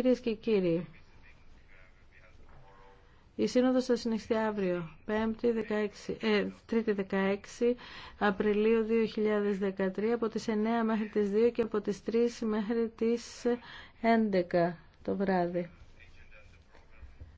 Κυρίες και κύριοι, η Σύνοδος θα συνεχιστεί αύριο, 5η 16, ε, 3η 16 Απριλίου 2013, από τις 9 μέχρι τις 2 και από τις 3 μέχρι τις 11 το βράδυ.